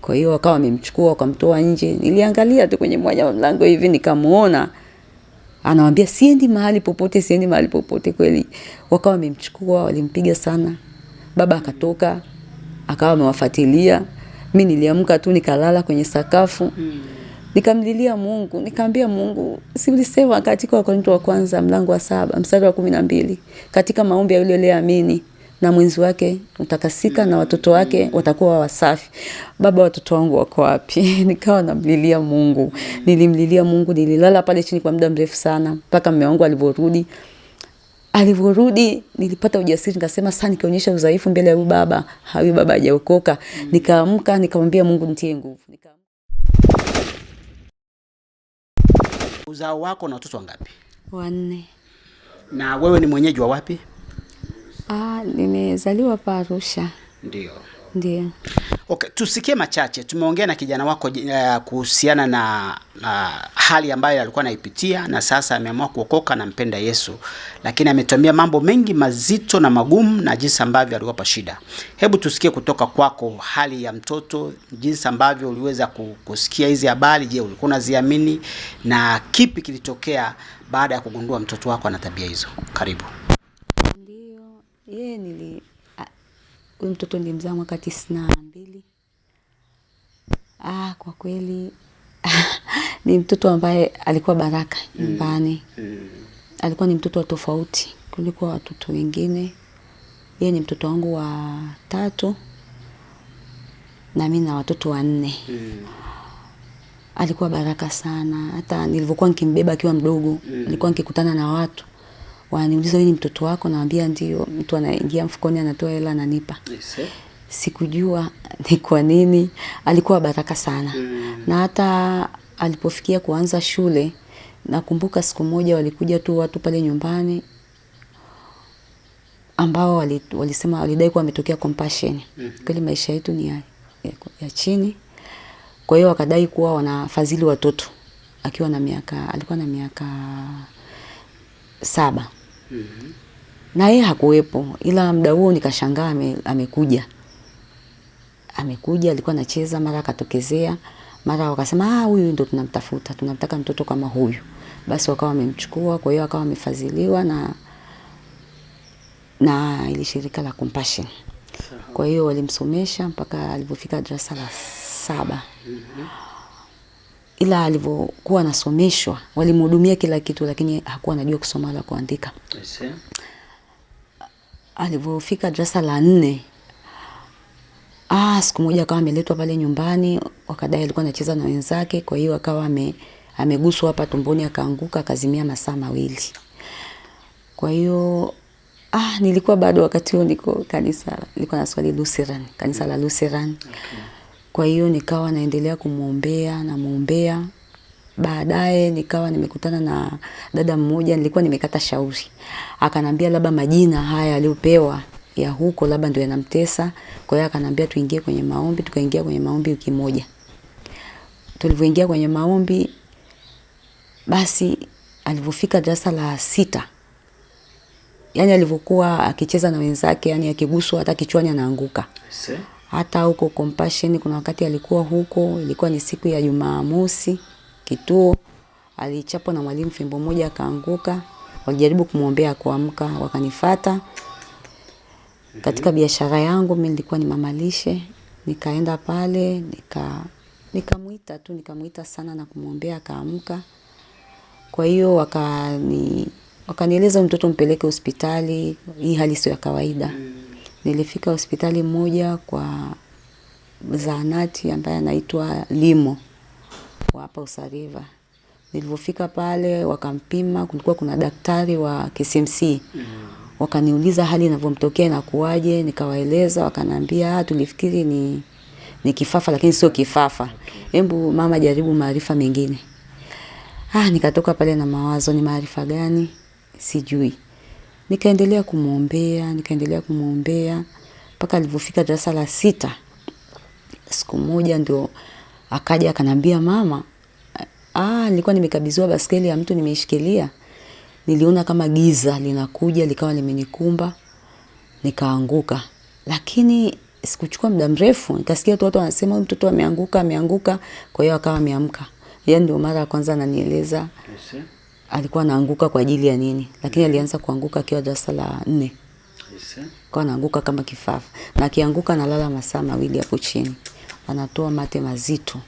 Kwa hiyo akawa amemchukua akamtoa nje. Niliangalia tu kwenye mwanya wa mlango hivi nikamuona. Anawambia siendi mahali popote, siendi mahali popote kweli. Wakawa wamemchukua, walimpiga sana. Baba akatoka, akawa amewafatilia. Mi niliamka tu nikalala kwenye sakafu. Hmm. Nikamlilia Mungu, nikaambia Mungu, si ulisema katika Wakorinto wa kwanza mlango wa saba mstari wa kumi na mbili katika maombi ya yule aliyeamini na mwenzi wake utakasika na watoto wake watakuwa wasafi. Baba, watoto wangu wako wapi? Nikawa namlilia Mungu, nilimlilia Mungu, nililala pale chini kwa muda mrefu sana mpaka mume wangu alivyorudi. Alivyorudi nilipata ujasiri, nikasema sasa, nikionyesha udhaifu mbele ya huyu baba, huyu baba hajaokoka. Nikaamka nikamwambia Mungu nitie nguvu. Nika... uzao wako na watoto wangapi? Wanne. Na wewe ni mwenyeji wa wapi? Ah, nimezaliwa pa Arusha. Ndio. Ndio. Okay, tusikie machache. Tumeongea na kijana wako uh, kuhusiana na uh, hali ambayo alikuwa anaipitia na sasa ameamua kuokoka na mpenda Yesu, lakini ametumia mambo mengi mazito na magumu na jinsi ambavyo alikuwa pa shida. Hebu tusikie kutoka kwako hali ya mtoto, jinsi ambavyo uliweza kusikia hizi habari. Je, ulikuwa unaziamini na kipi kilitokea baada ya kugundua mtoto wako ana tabia hizo? Karibu. Yeye nili huyu mtoto nilimzaa mwaka tisini na mbili. Ah, kwa kweli ni mtoto ambaye alikuwa baraka mm. nyumbani. Mm. Alikuwa ni mtoto wa tofauti kuliko watoto wengine. Yeye ni mtoto wangu wa tatu na mimi na watoto wanne. Mm. Alikuwa baraka sana. Hata nilivyokuwa nikimbeba akiwa mdogo, nilikuwa nikikutana na watu wananiuliza ni mtoto wako, nawambia ndio. Mtu anaingia mfukoni anatoa hela ananipa. Yes, eh. sikujua ni kwa nini. Alikuwa baraka sana mm. na hata alipofikia kuanza shule, nakumbuka siku moja walikuja tu watu pale nyumbani ambao walisema walidai kuwa wametokea Compassion. mm -hmm. Kweli maisha yetu ni ya, ya, ya chini, kwa hiyo wakadai kuwa wanafadhili watoto. Akiwa na miaka alikuwa na miaka saba na yeye hakuwepo, ila muda huo nikashangaa ame, amekuja amekuja, alikuwa anacheza, mara akatokezea, mara wakasema ah, huyu ndo tunamtafuta, tunamtaka mtoto kama huyu. Basi wakawa wamemchukua, kwa hiyo akawa amefadhiliwa na na ili shirika la Compassion. Kwa hiyo walimsomesha mpaka alipofika darasa la saba. mm -hmm ila alivyokuwa anasomeshwa walimhudumia kila kitu, lakini hakuwa anajua kusoma wala kuandika. Alivyofika darasa la nne, ah, siku moja akawa ameletwa pale nyumbani, wakadai alikuwa anacheza na wenzake, kwa hiyo akawa ame ameguswa hapa tumboni, akaanguka akazimia masaa mawili. Kwa hiyo ah, nilikuwa bado wakati huo niko kanisa, nilikuwa naswali Lutheran, kanisa la Lutheran. Okay. Kwa hiyo nikawa naendelea kumwombea namwombea. Baadaye nikawa nimekutana na dada mmoja, nilikuwa nimekata shauri, akanambia labda majina haya aliyopewa ya huko labda ndio yanamtesa. Kwa hiyo akanambia tuingie kwenye maombi, tukaingia kwenye maombi wiki moja. Tulivyoingia kwenye maombi, basi alivyofika darasa la sita, yani alivyokuwa akicheza na wenzake, yani akiguswa hata kichwani anaanguka hata huko Compassion kuna wakati alikuwa huko, ilikuwa ni siku ya Jumamosi kituo, alichapwa na mwalimu fimbo moja akaanguka. Walijaribu kumwombea kuamka, wakanifata katika biashara yangu. Mimi nilikuwa ni mamalishe, nikaenda pale nika nikamuita tu nikamuita sana na kumwombea akaamka. Kwa hiyo wakani wakanieleza mtoto mpeleke hospitali, hii hali sio ya kawaida. Nilifika hospitali moja kwa zahanati ambaye anaitwa Limo wa hapa Usariva. Nilivyofika pale wakampima, kulikuwa kuna daktari wa KCMC. Mm. Wakaniuliza hali inavyomtokea inakuwaje, nikawaeleza, wakanambia ah, tulifikiri ni ni kifafa lakini sio kifafa. Hebu mama jaribu maarifa mengine. Ah, nikatoka pale na mawazo ni maarifa gani? Sijui. Nikaendelea kumwombea, nikaendelea kumwombea mpaka alivyofika darasa la sita. Siku moja ndio akaja akanambia, mama, ah, nilikuwa nimekabiziwa baskeli ya mtu nimeishikilia, niliona kama giza linakuja likawa limenikumba nikaanguka, lakini sikuchukua muda mrefu, nikasikia tu watu wanasema huyu mtoto ameanguka, ameanguka. Kwa hiyo akawa ameamka. Yaani ndio mara ya kwanza ananieleza alikuwa anaanguka kwa ajili ya nini, lakini mm. alianza kuanguka akiwa darasa la nne kwa anaanguka kama kifafa, na akianguka analala masaa mawili hapo chini, anatoa mate mazito.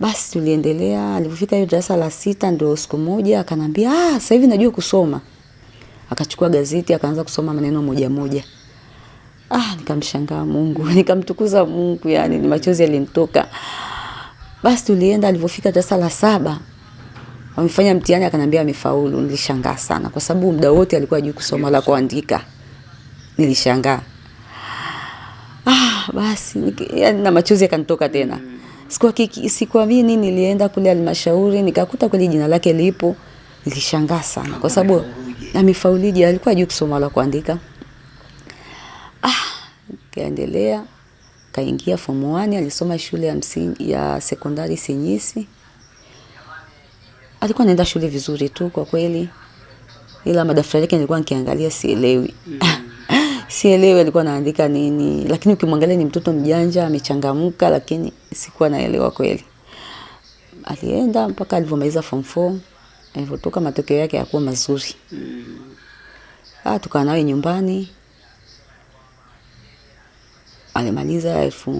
Basi tuliendelea, alipofika hiyo darasa la sita ndio siku moja akanambia, ah, sasa hivi najua kusoma. Akachukua gazeti akaanza kusoma maneno moja moja. Ah, nikamshangaa Mungu, nikamtukuza Mungu, yani ni machozi yalimtoka. Basi tulienda, alipofika darasa la saba Amefanya mtihani akaniambia amefaulu. Nilishangaa sana kwa sababu muda wote alikuwa hajui kusoma wala kuandika. Nilishangaa. Ah, basi na machozi yakanitoka tena. Sikuwa kiki, Sikuamini, siku nilienda kule halmashauri nikakuta kweli jina lake lipo. Nilishangaa sana kwa sababu amefaulije? Alikuwa hajui kusoma wala kuandika. Ah, kaendelea kaingia form 1 alisoma shule ya msingi ya sekondari Sinyisi alikuwa anaenda shule vizuri tu kwa kweli, ila madaftari yake nilikuwa nikiangalia sielewi mm. sielewi alikuwa anaandika nini, lakini ukimwangalia ni mtoto mjanja, amechangamka, lakini sikuwa naelewa kweli. Alienda mpaka alivyomaliza form 4 alivyotoka, matokeo yake yakuwa mazuri mm. Ah, tukaa naye nyumbani alimaliza elfu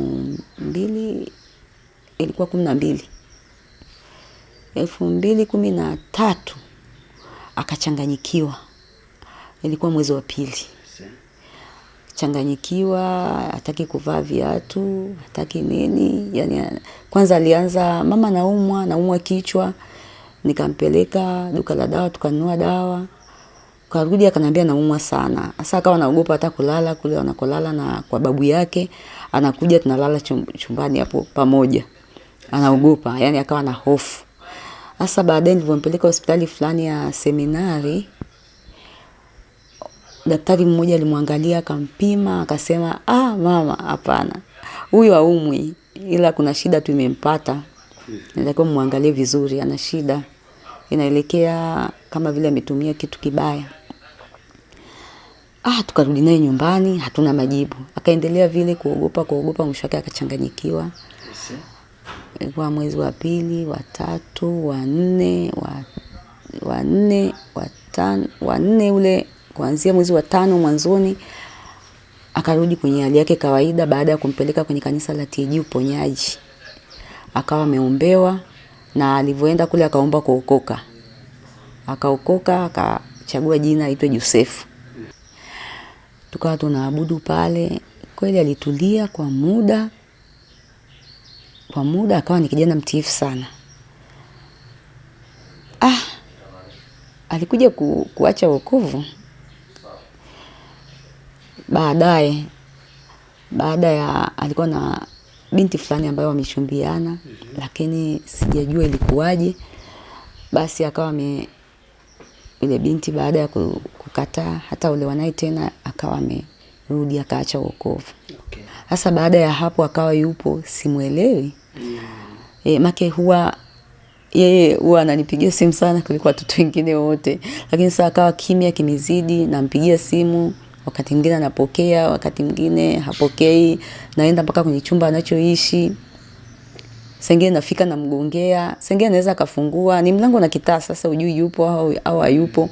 mbili ilikuwa kumi na mbili elfu mbili kumi na tatu akachanganyikiwa, ilikuwa mwezi wa pili changanyikiwa, hataki kuvaa viatu, hataki nini. Yani kwanza alianza mama, naumwa naumwa kichwa, nikampeleka duka la dawa, tukanunua dawa, karudi akanambia naumwa sana. Sasa akawa naogopa hata kulala kule anakolala na kwa babu yake, anakuja tunalala chumbani hapo pamoja, anaogopa yani, akawa na hofu Hasa baadaye nilivyompeleka hospitali fulani ya seminari, daktari mmoja alimwangalia akampima, akasema ah, mama, hapana, huyu aumwi, ila kuna shida tu imempata, natakiwa mwangalie vizuri, ana shida inaelekea kama vile ametumia kitu kibaya. Ah, tukarudi naye nyumbani, hatuna majibu. Akaendelea vile kuogopa kuogopa, mwisho wake akachanganyikiwa ilikuwa mwezi wa pili, wa tatu, wa nne, wa nne, wa nne ule kuanzia mwezi wa tano mwanzoni akarudi kwenye hali yake kawaida, baada ya kumpeleka kwenye kanisa la TG uponyaji, akawa ameombewa, na alivyoenda kule akaomba kuokoka, akaokoka, akachagua jina aitwe Josefu. Tukawa tunaabudu pale, kweli alitulia kwa muda. Kwa muda akawa ni kijana mtiifu sana. Ah, alikuja ku, kuacha wokovu baadaye, baada ya alikuwa na binti fulani ambayo wameshumbiana Lakini sijajua ilikuwaje, basi akawa ame ile binti baada ya kukataa hata ule ulewanai tena, akawa amerudi akaacha wokovu hasa baada ya hapo akawa yupo, simwelewi mm. E, make huwa yeye huwa ananipigia simu sana kuliko watoto wengine wote, lakini sasa akawa kimya kimezidi, nampigia simu wakati mwingine anapokea, wakati mwingine hapokei, naenda mpaka kwenye chumba anachoishi sengine nafika namgongea, sengine naweza akafungua, ni mlango na kitaa. Sasa ujui yupo au hayupo,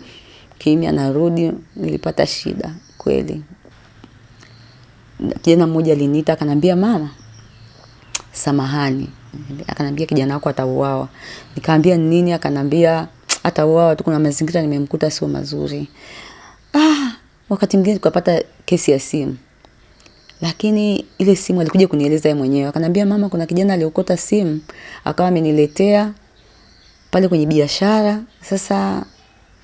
kimya, narudi. Nilipata shida kweli kijana mmoja aliniita akanambia, mama, samahani. Akanambia kijana wako atauawa. Nikaambia nini? Akanambia atauawa tu, kuna mazingira nimemkuta sio mazuri. Ah, wakati mwingine tukapata kesi ya simu, lakini ile simu alikuja kunieleza yeye mwenyewe, akanambia mama, kuna kijana aliokota simu akawa ameniletea pale kwenye biashara. Sasa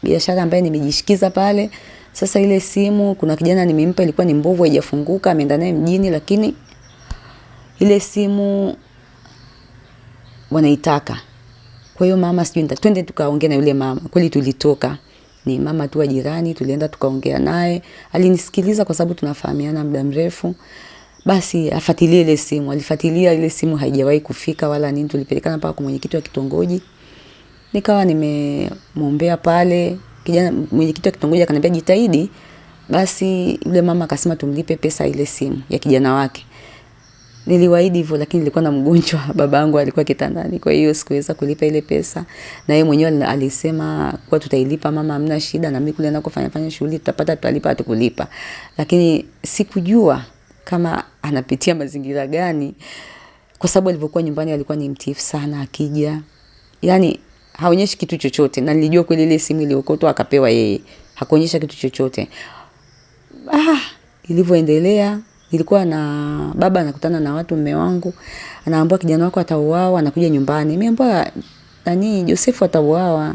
biashara ambaye nimejishikiza pale sasa ile simu kuna kijana nimempa, ilikuwa ni mbovu, haijafunguka, ameenda naye mjini, lakini ile simu wanaitaka. Kwa hiyo mama, sijui twende tukaongea na yule mama. Kweli tulitoka, ni mama tu wa jirani, tulienda tukaongea naye, alinisikiliza kwa sababu tunafahamiana muda mrefu. Basi afuatilie ile simu, alifuatilia ile simu, haijawahi kufika wala nini. Tulipelekana mpaka kwa mwenyekiti wa kitongoji, nikawa nimemwombea pale kijana mwenyekiti wa kitongoji akaniambia jitahidi, basi yule mama akasema tumlipe pesa ile simu ya kijana wake. Niliwaahidi hivyo, lakini nilikuwa na mgonjwa, baba yangu alikuwa kitandani, kwa hiyo sikuweza kulipa ile pesa, na yeye mwenyewe alisema kuwa tutailipa mama, hamna shida, na mimi kule nako fanya fanya shughuli, tutapata, tutalipa, atakulipa. Lakini sikujua kama anapitia mazingira gani, kwa sababu alivyokuwa nyumbani alikuwa ni mtiifu sana, akija yani haonyeshi kitu chochote, na nilijua kweli ile simu iliokotwa akapewa yeye, hakuonyesha kitu chochote. Ah, ilivyoendelea nilikuwa na baba anakutana na watu, mume wangu anaambia kijana wako atauawa, anakuja nyumbani. Mimi ambia nani, Josefu atauawa,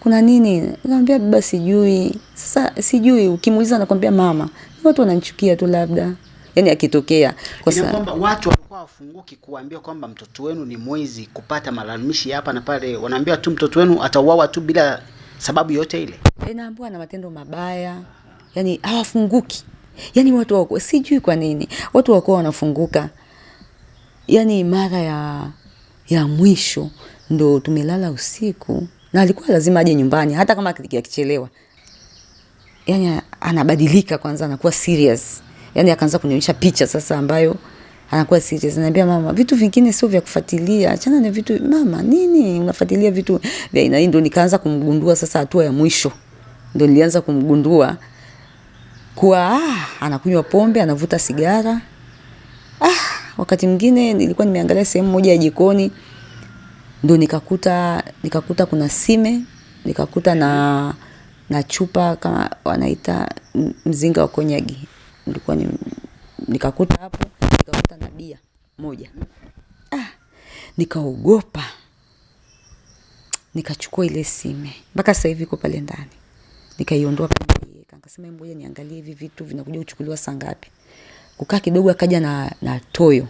kuna nini? Naambia baba, sijui. Sasa sijui, ukimuuliza anakuambia mama, watu wananichukia tu labda yani akitokea kwa sababu kwamba watu walikuwa wafunguki kuambia kwamba mtoto wenu ni mwizi, kupata malalamishi hapa na pale, wanaambia tu mtoto wenu atauawa tu bila sababu yote ile, inaambiwa eh, na matendo mabaya, yani hawafunguki. Yani watu wako sijui kwa nini watu wako wanafunguka, yani mara ya ya mwisho ndo tumelala usiku na alikuwa lazima aje nyumbani, hata kama akichelewa, yani anabadilika kwanza, anakuwa serious yani akaanza kunionyesha picha sasa ambayo anakuwa serious. Ananiambia mama, vitu vingine sio vya kufuatilia, achana na vitu mama, nini unafuatilia vitu vya aina hii? Ndo nikaanza kumgundua sasa, hatua ya mwisho ndo nilianza kumgundua kuwa ah, anakunywa pombe, anavuta sigara. Ah, wakati mwingine nilikuwa nimeangalia sehemu moja ya jikoni ndo nikakuta nikakuta kuna sime, nikakuta na na chupa kama wanaita mzinga wa konyagi nilikuwa ni, nikakuta hapo nikakuta na bia moja ah, nikaogopa nikachukua ile sime mpaka sasa hivi iko pale ndani, nikaiondoa pale nikaiweka, nikasema ngoja niangalie hivi vitu vinakuja kuchukuliwa saa ngapi. Kukaa kidogo, akaja na, na toyo,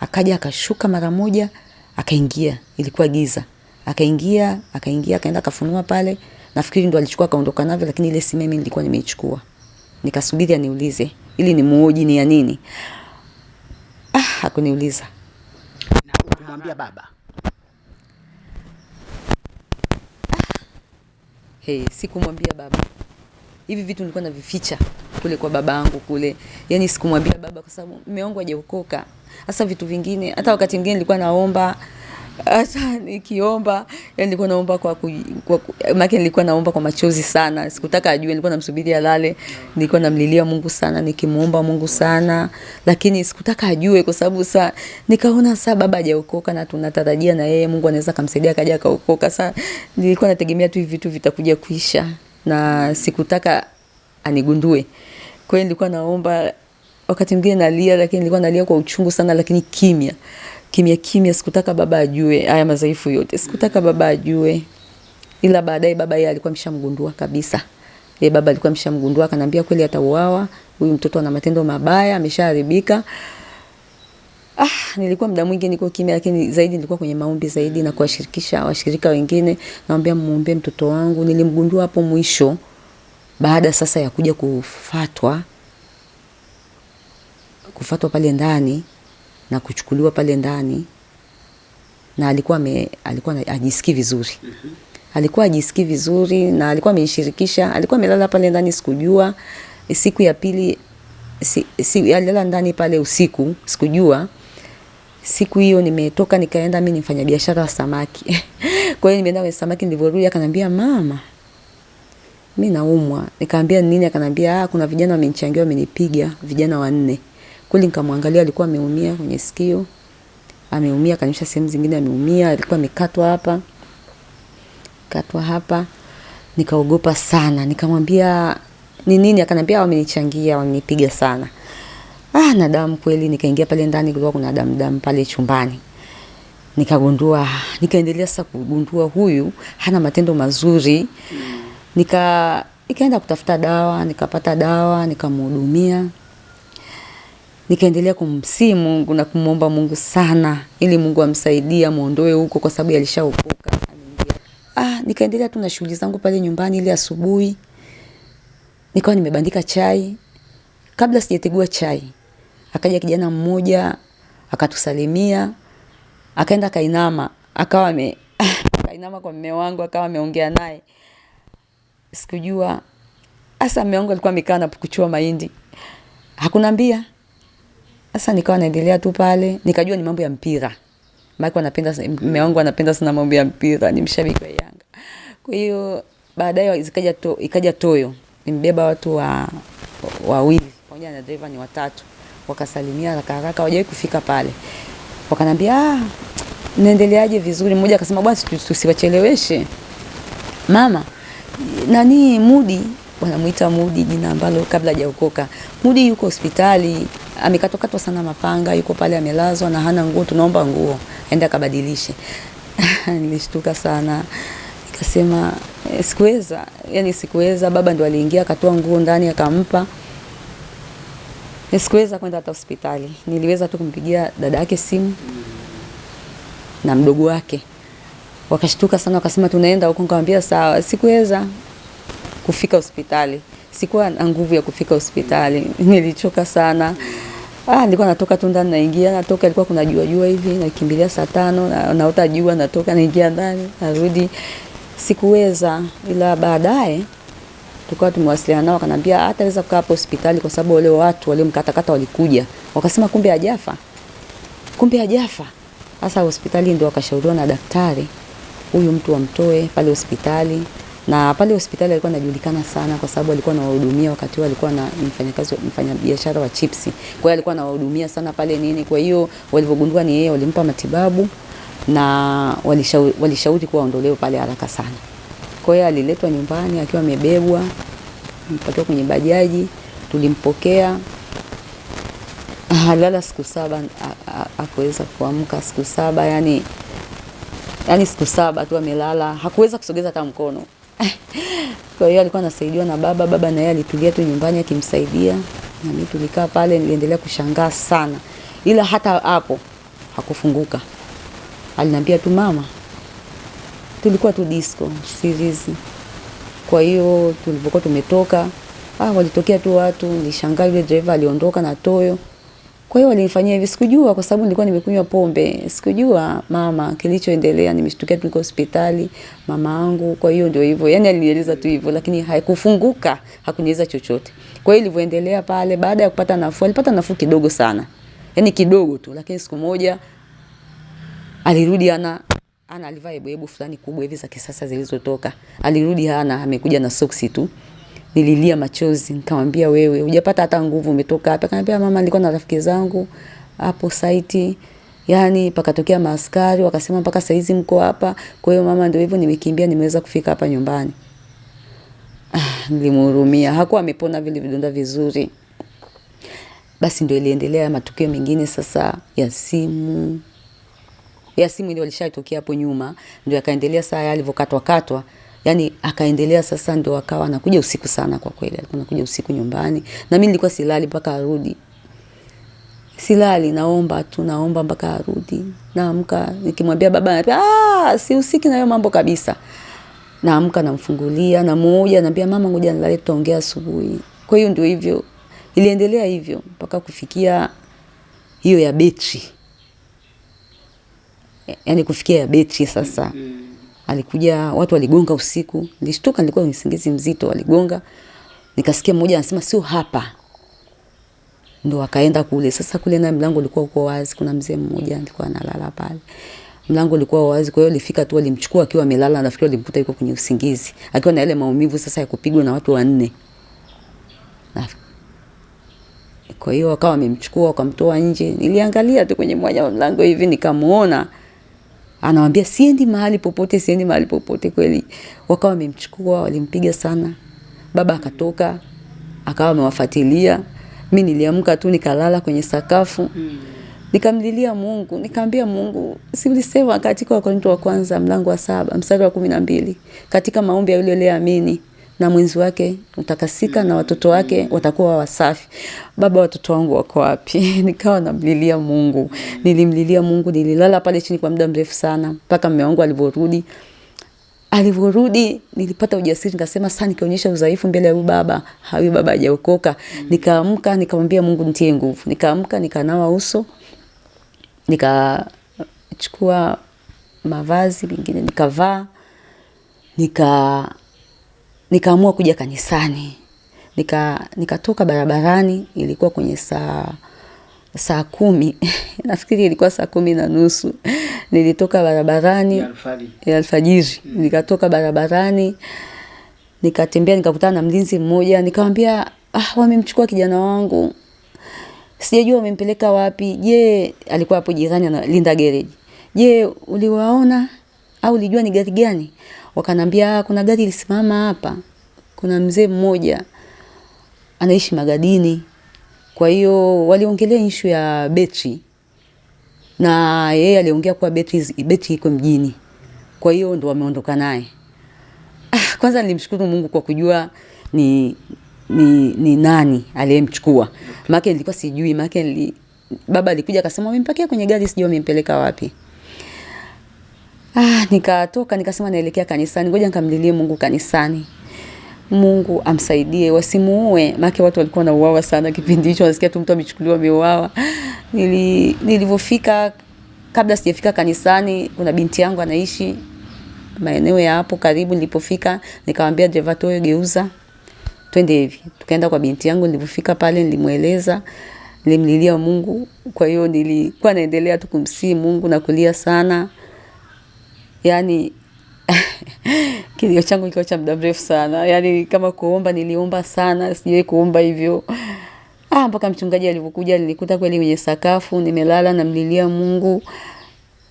akaja akashuka mara moja, akaingia. Ilikuwa giza, akaingia akaingia akaenda akafunua pale, nafikiri ndo alichukua akaondoka navyo, lakini ile sime mimi nilikuwa nimeichukua nikasubiri aniulize ili muoji ni ya nini. Ah, hakuniuliza. Na kumwambia baba? Ah, hey, sikumwambia baba. Hivi vitu nilikuwa navificha kule kwa baba angu kule, yani sikumwambia baba kwa sababu mume wangu hajaokoka. Hasa vitu vingine, hata wakati mwingine nilikuwa naomba hata nikiomba yani nilikuwa naomba kwa, ku, kwa maki nilikuwa naomba kwa machozi sana, sikutaka ajue. Nilikuwa namsubiri alale, nilikuwa namlilia Mungu sana, nikimuomba Mungu sana, lakini sikutaka ajue, kwa sababu sa nikaona sa baba hajaokoka na tunatarajia na yeye Mungu anaweza kumsaidia akaja akaokoka. Sa nilikuwa nategemea tu hivi vitu vitakuja kuisha, na sikutaka anigundue. Kwa hiyo nilikuwa naomba, wakati mwingine nalia, lakini nilikuwa nalia kwa uchungu sana, lakini kimya kimya kimya, sikutaka baba ajue haya madhaifu yote, sikutaka baba ajue, ila baadaye baba yeye alikuwa ameshamgundua kabisa. ye baba alikuwa ameshamgundua, akanambia kweli atauawa huyu mtoto, ana matendo mabaya, ameshaharibika. Ah, nilikuwa muda mwingi niko kimya, lakini zaidi nilikuwa kwenye maombi zaidi na kuwashirikisha washirika wengine, naambia muombe mtoto wangu. Nilimgundua hapo mwisho baada sasa ya kuja kufatwa kufatwa pale ndani na kuchukuliwa pale ndani, na alikuwa me, alikuwa ajisikii vizuri mhm. alikuwa ajisikii vizuri na alikuwa amenishirikisha, alikuwa amelala pale ndani, sikujua. Siku ya pili si, si, alilala ndani pale usiku, sikujua. Siku hiyo nimetoka nikaenda, mimi ni biashara wa samaki kwa hiyo nimeenda kwenye samaki, nilivyorudi akanambia mama mi naumwa. Nikaambia nini? Akanambia ah, kuna vijana wamenichangia, wamenipiga vijana wanne. Kweli nikamwangalia alikuwa ameumia kwenye sikio. Ameumia kanyosha sehemu zingine ameumia, alikuwa amekatwa hapa. Katwa hapa. Nikaogopa sana. Nikamwambia ni nini? Akanambia wamenichangia, wamenipiga sana. Ah, na damu kweli. Nikaingia pale ndani, kulikuwa kuna damu damu pale chumbani. Nikagundua, nikaendelea sasa kugundua huyu hana matendo mazuri. Nika nikaenda kutafuta dawa, nikapata dawa, nikamhudumia nikaendelea kumsii Mungu na kumwomba Mungu sana ili Mungu amsaidie amuondoe huko kwa sababu alishaokoka. Ah, nikaendelea tu na shughuli zangu pale nyumbani ile asubuhi. Nikawa nimebandika chai. Kabla sijategua chai, akaja kijana mmoja akatusalimia, akaenda kainama, akawa ame kainama kwa mume wangu akawa ameongea naye. Sikujua hasa mume wangu alikuwa amekaa na kuchua mahindi. hakunambia sasa nikawa naendelea tu pale, nikajua ni mambo ya mpira. Mike anapenda, mume wangu anapenda sana mambo ya mpira, ni mshabiki wa Yanga. Kwa hiyo baadaye ikaja to, ikaja toyo. Nimbeba watu wa wawili pamoja na driver ni watatu. Wakasalimia haraka haraka wajawahi kufika pale. Wakanambia ah, naendeleaje vizuri. Mmoja akasema basi tusiwacheleweshe. Mama, nani Mudi wanamuita Mudi, jina ambalo kabla hajaokoka. Mudi yuko hospitali amekatokatwa ah, sana mapanga, yuko pale amelazwa na hana nguo, tunaomba nguo, aende akabadilishe. Nilishtuka sana nikasema eh, sikuweza, yani sikuweza. Baba ndo aliingia akatoa nguo ndani akampa. Eh, sikuweza kwenda hata hospitali, niliweza tu kumpigia dada yake simu na mdogo wake, wakashtuka sana, wakasema tunaenda huko. Nikamwambia sawa. Sikuweza kufika hospitali sikuwa na nguvu ya kufika hospitali, nilichoka sana. Ah, nilikuwa natoka tu ndani naingia, natoka ilikuwa kuna jua jua hivi, nakimbilia saa tano na, naota jua, natoka naingia ndani, narudi. Sikuweza, ila baadaye tukawa tumewasiliana nao, akanambia hataweza kukaa hapo hospitali kwa sababu wale watu waliomkatakata walikuja wakasema kumbe hajafa, kumbe hajafa. Sasa hospitali ndio wakashauriwa na daktari, huyu mtu wamtoe pale hospitali na pale hospitali alikuwa anajulikana sana kwa sababu alikuwa anawahudumia wakati huo alikuwa na mfanyakazi mfanyabiashara wa chipsi. Kwa hiyo alikuwa anawahudumia sana pale nini. Kwa hiyo walivyogundua ni yeye, walimpa matibabu na walishauri, walishauri kuwa aondolewe pale haraka sana. Kwa hiyo aliletwa nyumbani akiwa amebebwa, mpatiwa kwenye bajaji, tulimpokea halala siku saba, akuweza kuamka siku saba, yani yani siku saba tu amelala, hakuweza kusogeza hata mkono. Kwa hiyo alikuwa anasaidiwa na baba, baba na yeye alitulia tu nyumbani akimsaidia, na mimi tulikaa pale, niliendelea kushangaa sana, ila hata hapo hakufunguka. Aliniambia tu mama, tulikuwa tu disco series. Kwa hiyo tulipokuwa tumetoka, ah, walitokea tu watu, nilishangaa yule driver aliondoka na toyo kwa hiyo walinifanyia hivi, sikujua kwa sababu nilikuwa nimekunywa pombe, sikujua mama kilichoendelea. Nimeshtukia tuko hospitali mama yangu, kwa hiyo ndio hivyo, yani alinieleza tu hivyo, lakini haikufunguka, hakunieleza chochote. Kwa hiyo ilivyoendelea pale, baada ya kupata nafuu, alipata nafuu kidogo sana, yani kidogo tu, lakini siku moja alirudi ana ana alivaa hebu hebu fulani kubwa hivi za kisasa zilizotoka, alirudi hana, amekuja na soksi tu nililia machozi, nikamwambia wewe hujapata hata nguvu, umetoka hapa? Akaniambia mama, nilikuwa na rafiki zangu hapo saiti yani pakatokea maaskari wakasema mpaka saa hizi mko hapa. Kwa hiyo mama, ndio hivyo, nimekimbia nimeweza kufika hapa nyumbani. Ah, nilimhurumia, hakuwa amepona vile vidonda vizuri. Basi ndio iliendelea matukio mengine sasa ya simu ya simu, ndio alishatokea hapo nyuma, ndio akaendelea saa alivyokatwa katwa yani akaendelea sasa, ndo akawa anakuja usiku sana. Kwa kweli alikuwa anakuja usiku nyumbani, na mimi nilikuwa silali mpaka arudi. Silali, naomba tu, naomba mpaka arudi. Naamka nikimwambia baba, ah, sihusiki na hiyo mambo kabisa. Naamka namfungulia, namuoja, naambia mama, ngoja nilale, tutaongea asubuhi. Kwa hiyo ndio hivyo iliendelea hivyo mpaka kufikia hiyo ya betri, yani kufikia ya betri sasa. mm -hmm alikuja watu waligonga usiku, nilishtuka, nilikuwa kwenye usingizi mzito, waligonga, nikasikia mmoja anasema sio hapa, ndo akaenda kule. Sasa kule na mlango ulikuwa uko wazi, kuna mzee mmoja alikuwa analala pale, mlango ulikuwa wazi. Kwa hiyo alifika tu, alimchukua akiwa amelala, nafikiri alimkuta yuko kwenye usingizi, akiwa na yale maumivu sasa ya kupigwa na watu wanne. Kwa hiyo akawa amemchukua, akamtoa nje. Niliangalia tu kwenye mwanya wa mlango hivi, nikamuona anawambia siendi mahali popote, siendi mahali popote. Kweli wakawa wamemchukua, walimpiga sana. Baba akatoka akawa amewafuatilia. Mi niliamka tu nikalala kwenye sakafu hmm. nikamlilia Mungu, nikamwambia Mungu, si ulisema katika Wakorintho wa kwanza mlango wa saba mstari wa kumi na mbili katika maombi ya yule aliyeamini na mwenzi wake utakasika na watoto wake watakuwa wasafi. Baba, watoto wangu wako wapi? Nikawa namlilia Mungu, nilimlilia Mungu, nililala pale chini kwa muda mrefu sana mpaka mume wangu alivyorudi. Alivyorudi nilipata ujasiri, nikasema sasa, nikionyesha udhaifu mbele ya huyu baba, huyu baba hajaokoka. Nikaamka nikamwambia Mungu nitie nguvu. Nikaamka nikanawa uso, nikachukua mavazi mengine nikavaa, nika nikaamua kuja kanisani nika nikatoka barabarani, ilikuwa kwenye saa saa kumi nafikiri ilikuwa saa kumi na nusu nilitoka barabarani alfajiri mm. Nikatoka barabarani nikatembea, nikakutana na mlinzi mmoja, nikawambia ah, wamemchukua kijana wangu, sijajua wamempeleka wapi. Je, alikuwa hapo jirani linda gereji. Je, uliwaona au ulijua ni gari gani? wakanambia kuna gari lisimama hapa, kuna mzee mmoja anaishi Magadini, kwa hiyo waliongelea ishu ya betri na yeye aliongea kuwa betri iko mjini, kwa hiyo ndo wameondoka naye. Ah, kwanza nilimshukuru Mungu kwa kujua ni, ni, ni nani aliyemchukua, maake nilikuwa sijui, maake baba alikuja akasema wamempakia kwenye gari, sijui wamempeleka wapi. Ah, nikatoka nikasema naelekea kanisani, ngoja nikamlilie Mungu kanisani. Mungu amsaidie wasimuue, maana watu walikuwa wanauawa sana kipindi hicho, nasikia tu mtu amechukuliwa ameuawa. Nili, nilivyofika kabla sijafika kanisani, kuna binti yangu anaishi maeneo ya hapo karibu. Nilipofika nikamwambia dereva, toyo geuza, twende hivi. Tukaenda kwa binti yangu, nilipofika pale nilimweleza, nilimlilia Mungu. Kwa hiyo nilikuwa naendelea tu kumsihi Mungu na kulia sana yani kilio changu kikiwa cha muda mrefu sana, yani kama kuomba, niliomba sana, sijawahi kuomba hivyo ah, mpaka mchungaji alivyokuja nilikuta kweli kwenye sakafu nimelala, na mlilia Mungu.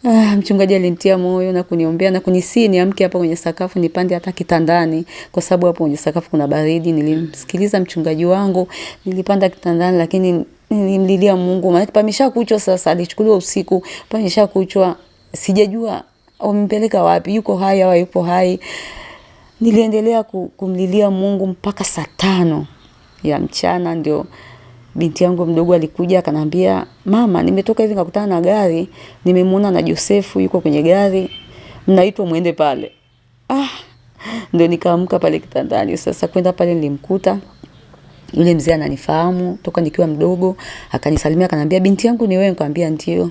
Ah, mchungaji alinitia moyo na kuniombea na kunisii niamke hapa kwenye sakafu nipande hata kitandani, kwa sababu hapo kwenye sakafu kuna baridi. Nilimsikiliza mchungaji wangu, nilipanda kitandani, lakini nilimlilia Mungu, maana pamesha kuchwa. Sasa alichukuliwa usiku, pamesha kuchwa, sijajua wamempeleka wapi? Yuko hai au yupo hai? Niliendelea kumlilia Mungu mpaka saa tano ya mchana ndio binti yangu mdogo alikuja akanambia, mama, nimetoka hivi nikakutana na gari, nimemuona na Josefu yuko kwenye gari, mnaitwa mwende pale. Ah, ndio nikaamka pale kitandani. Sasa kwenda pale nilimkuta yule mzee ananifahamu toka nikiwa mdogo, akanisalimia akanambia, binti yangu ni wewe? Nikamwambia ndio.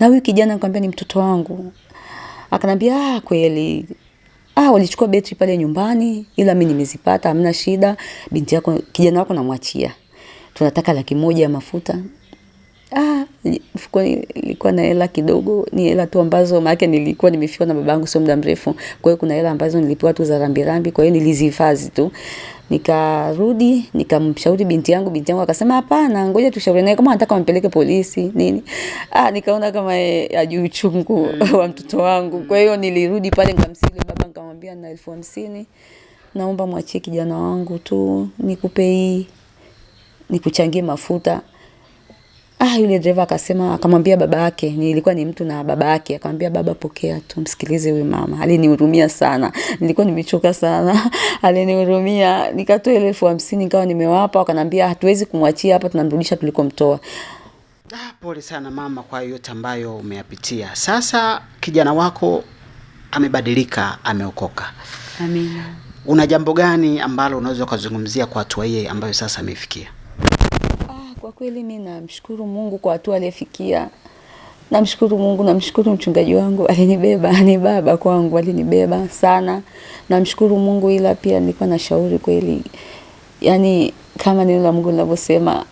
Na huyu kijana nikamwambia ni mtoto wangu. Akanambia, ah, kweli ah, walichukua betri pale nyumbani, ila mi nimezipata, hamna shida. Binti yako kijana wako namwachia, tunataka laki moja ya mafuta ah, mfukoni nilikuwa na hela kidogo, ni hela tu ambazo maana nilikuwa nimefiwa na babangu sio muda mrefu. Kwa hiyo kuna hela ambazo nilipewa tu za rambirambi, kwa hiyo nilizihifadhi tu. Nikarudi nikamshauri binti yangu, binti yangu akasema hapana, ngoja tushauri naye kama anataka wampeleke polisi nini. Ah, nikaona kama e, ajui uchungu mm. wa mtoto wangu. Kwa hiyo nilirudi pale nikamsili baba, nikamwambia na elfu hamsini naomba mwachie kijana wangu tu nikupe hii nikuchangie mafuta Ah, yule dreva akasema, akamwambia baba yake, nilikuwa ni mtu na baba yake, akamwambia baba, pokea tu, msikilize huyu mama. Alinihurumia sana, nilikuwa nimechoka sana, alinihurumia. Nikatoa ile elfu hamsini nikawa nimewapa, wakanambia hatuwezi kumwachia hapa, tunamrudisha tulikomtoa. Ah, pole sana mama kwa yote ambayo umeyapitia. Sasa kijana wako amebadilika, ameokoka. Amina. Una jambo gani ambalo unaweza ukazungumzia kwa hatua hii ambayo sasa amefikia? Kwa kweli mi namshukuru Mungu kwa hatua aliyefikia. Namshukuru Mungu, namshukuru mchungaji wangu alinibeba, ni baba kwangu, alinibeba sana. Namshukuru Mungu, ila pia nilikuwa na shauri kweli, yani kama neno la Mungu linavyosema,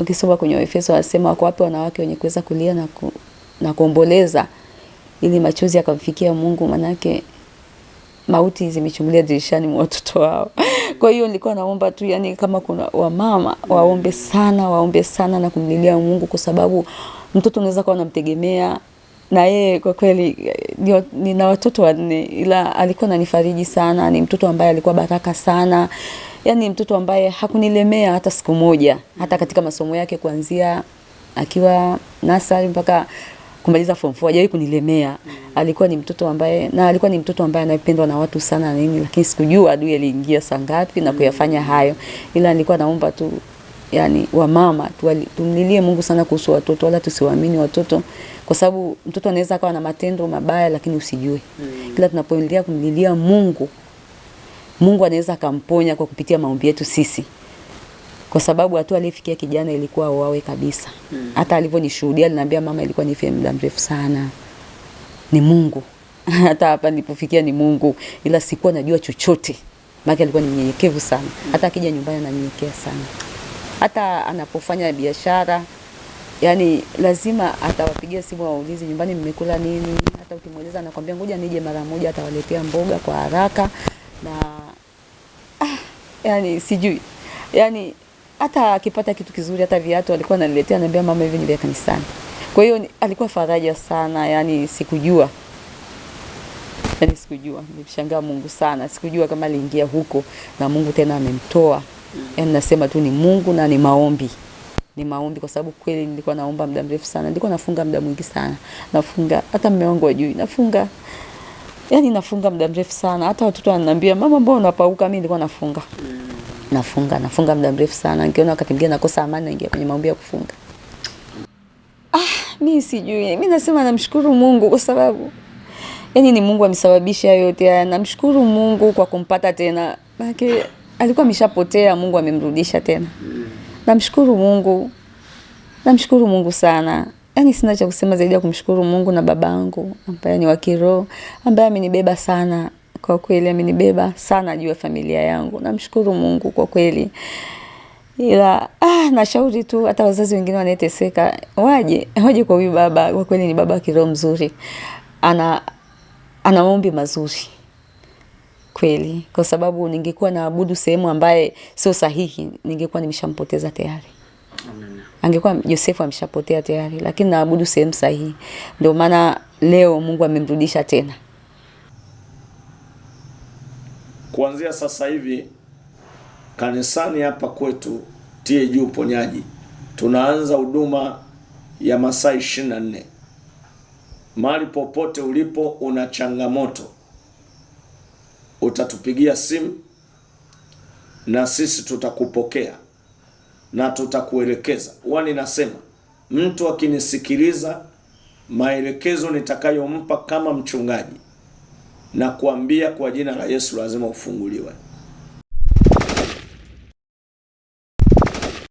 ukisoma kwenye Waefeso anasema wako wapi wanawake wenye kuweza kulia na, ku, na kuomboleza ili machozi yakamfikia Mungu manake mauti zimechungulia dirishani mwa watoto wao. Kwa hiyo nilikuwa naomba tu, yani kama kuna wamama waombe sana, waombe sana na kumlilia Mungu, kwa sababu mtoto unaweza kuwa anamtegemea na yeye kwa kweli, nina watoto wanne, ila alikuwa ananifariji sana. Ni mtoto ambaye alikuwa baraka sana, yani mtoto ambaye hakunilemea hata siku moja, hata katika masomo yake kuanzia akiwa nasari mpaka kumaliza form 4 hajawahi kunilemea. mm. Alikuwa ni mtoto ambaye na alikuwa ni mtoto ambaye anapendwa na watu sana na nini, lakini sikujua adui aliingia saa ngapi na mm. kuyafanya hayo, ila nilikuwa naomba tu yani wamama tumlilie Mungu sana kuhusu watoto, wala tusiwaamini watoto, kwa sababu mtoto anaweza akawa na matendo mabaya lakini usijue. Mm. Kila tunapoendelea kumlilia Mungu, Mungu anaweza akamponya kwa kupitia maombi yetu sisi kwa sababu hatua aliyefikia kijana ilikuwa wawe kabisa. Hmm. Hata alivyonishuhudia aliniambia, mama, ilikuwa nife muda mrefu sana, ni Mungu hata hapa nilipofikia ni Mungu, ila sikuwa najua chochote, Maki alikuwa ni mnyenyekevu sana. Hmm. Hata akija nyumbani ananyenyekea sana, hata anapofanya biashara yani lazima atawapigia simu waulize nyumbani mmekula nini. Hata ukimweleza anakwambia ngoja nije mara moja, atawaletea mboga kwa haraka na ah, yani sijui yani hata akipata kitu kizuri, hata viatu alikuwa ananiletea, anambia mama, hivi ni vya kanisani. Kwa hiyo alikuwa faraja sana, yani sikujua yani sikujua, nilishangaa Mungu sana, sikujua kama aliingia huko na Mungu tena amemtoa. Yani nasema tu ni Mungu na ni maombi, ni maombi, kwa sababu kweli nilikuwa naomba muda mrefu sana, nilikuwa nafunga muda mwingi sana, nafunga hata mume wangu ajui, nafunga yani nafunga muda mrefu sana, hata watoto wananiambia mama, mbona unapauka? Mimi nilikuwa nafunga mm nafunga nafunga muda mrefu sana. Nikiona wakati mwingine nakosa amani, naingia kwenye maombi ya kufunga. Ah, mi sijui, mi nasema namshukuru Mungu kwa sababu yani ni Mungu amesababisha yote. haya. Namshukuru Mungu kwa kumpata tena, maana alikuwa ameshapotea, Mungu amemrudisha tena. Namshukuru Mungu, namshukuru Mungu sana. Yani sina cha kusema zaidi ya kumshukuru Mungu na babangu ambaye ni wa kiroho ambaye amenibeba sana. Kwa kweli amenibeba sana juu ya familia yangu, namshukuru Mungu kwa kweli, ila ah, nashauri tu hata wazazi wengine wanaeteseka waje waje kwa huyu baba. Kwa kweli ni baba wa kiroho mzuri, ana ana maombi mazuri kweli, kwa sababu ningekuwa naabudu sehemu ambaye sio sahihi, ningekuwa nimeshampoteza tayari angekuwa Yosefu ameshapotea tayari, lakini naabudu sehemu sahihi. Ndio maana leo Mungu amemrudisha tena. kuanzia sasa hivi kanisani hapa kwetu TAG Uponyaji tunaanza huduma ya masaa 24. Mahali popote ulipo, una changamoto, utatupigia simu na sisi tutakupokea na tutakuelekeza. Huwa ninasema mtu akinisikiliza maelekezo nitakayompa kama mchungaji na kuambia kwa jina la Yesu lazima ufunguliwe.